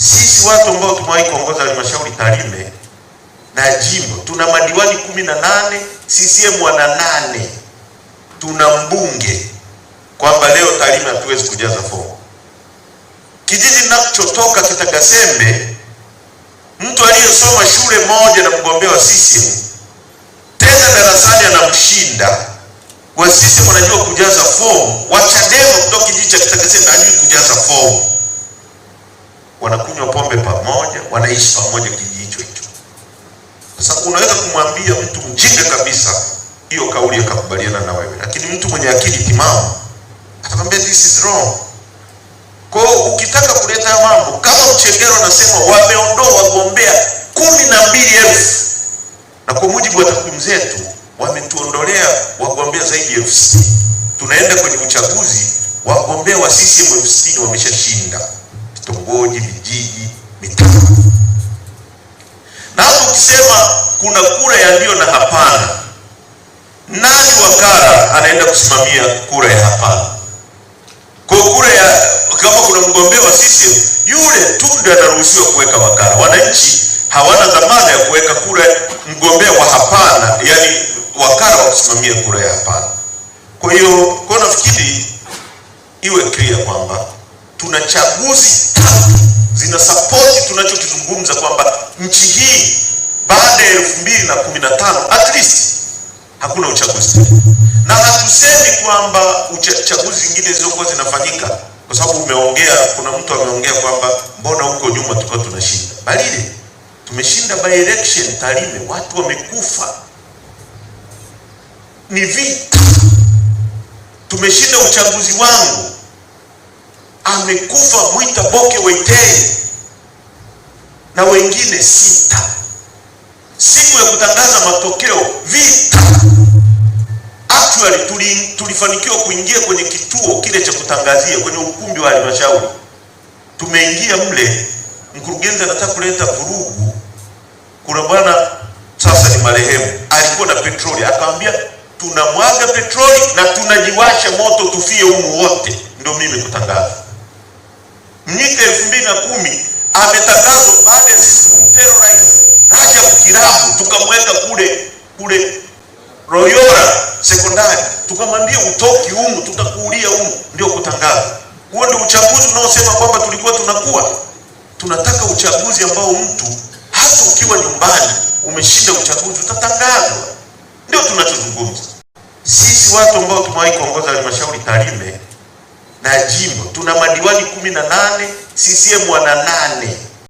Sisi watu ambao tumewahi kuongoza halmashauri Tarime na jimbo tuna madiwani kumi na nane CCM wana nane, tuna mbunge kwamba leo Tarime hatuwezi kujaza fomu. Kijiji ninachotoka Kitagasembe, mtu aliyesoma shule moja na mgombea wa CCM tena darasani anamshinda wa CCM, anajua kujaza fomu. chadema kutoka kijiji cha Kitagasembe hajui kujaza fomu Sasa unaweza kumwambia mtu mjinga kabisa hiyo kauli akakubaliana na wewe, lakini mtu mwenye akili timamu atakwambia this is wrong. Kwa hiyo ukitaka kuleta mambo kama Mchengero anasema wameondoa wagombea kumi na mbili elfu na kwa mujibu wa takwimu zetu wametuondolea wagombea zaidi ya elfu sitini. Tunaenda kwenye uchaguzi, wagombea wa CCM elfu sitini wameshashinda vitongoji, vijiji, mitaa kuna kura ya ndio na hapana. Nani wakala anaenda kusimamia kura ya hapana? Kwa kura ya kama kuna mgombea wa CCM yule tu ndio anaruhusiwa kuweka wakala. Wananchi hawana dhamana ya kuweka kura mgombea wa hapana, yani wakala wa kusimamia kura ya hapana. Kwa hiyo kwa nafikiri iwe clear kwamba tuna chaguzi tatu support tunachokizungumza kwamba nchi hii baada ya elfu mbili na kumi na tano at least hakuna uchaguzi, na hatusemi kwamba chaguzi zingine zilizokuwa zinafanyika, kwa sababu umeongea, kuna mtu ameongea kwamba mbona huko nyuma tulikuwa tunashinda. Bali tumeshinda by election Tarime, watu wamekufa, ni vita. Tumeshinda uchaguzi wangu, amekufa Mwita Boke Waitei na wengine sita siku ya kutangaza matokeo vita, actually tuli, tulifanikiwa kuingia kwenye kituo kile cha kutangazia kwenye ukumbi wa halmashauri. Tumeingia mle, mkurugenzi anataka kuleta vurugu. Kuna bwana sasa ni marehemu, alikuwa na petroli, akamwambia tunamwaga petroli na tunajiwasha moto tufie humu wote, ndio mimi kutangaza. Mnyika elfu mbili na kumi ametangazwa baada ya tukamweka kule kule Royora sekondari, tukamwambia utoki humu, tutakuulia humu. Ndio kutangaza huo, ndio uchaguzi unaosema kwamba tulikuwa tunakuwa tunataka uchaguzi ambao mtu hata ukiwa nyumbani umeshinda uchaguzi utatangazwa. Ndio tunachozungumza sisi, watu ambao tumewahi kuongoza halmashauri Tarime na jimbo, tuna madiwani kumi na nane CCM wana nane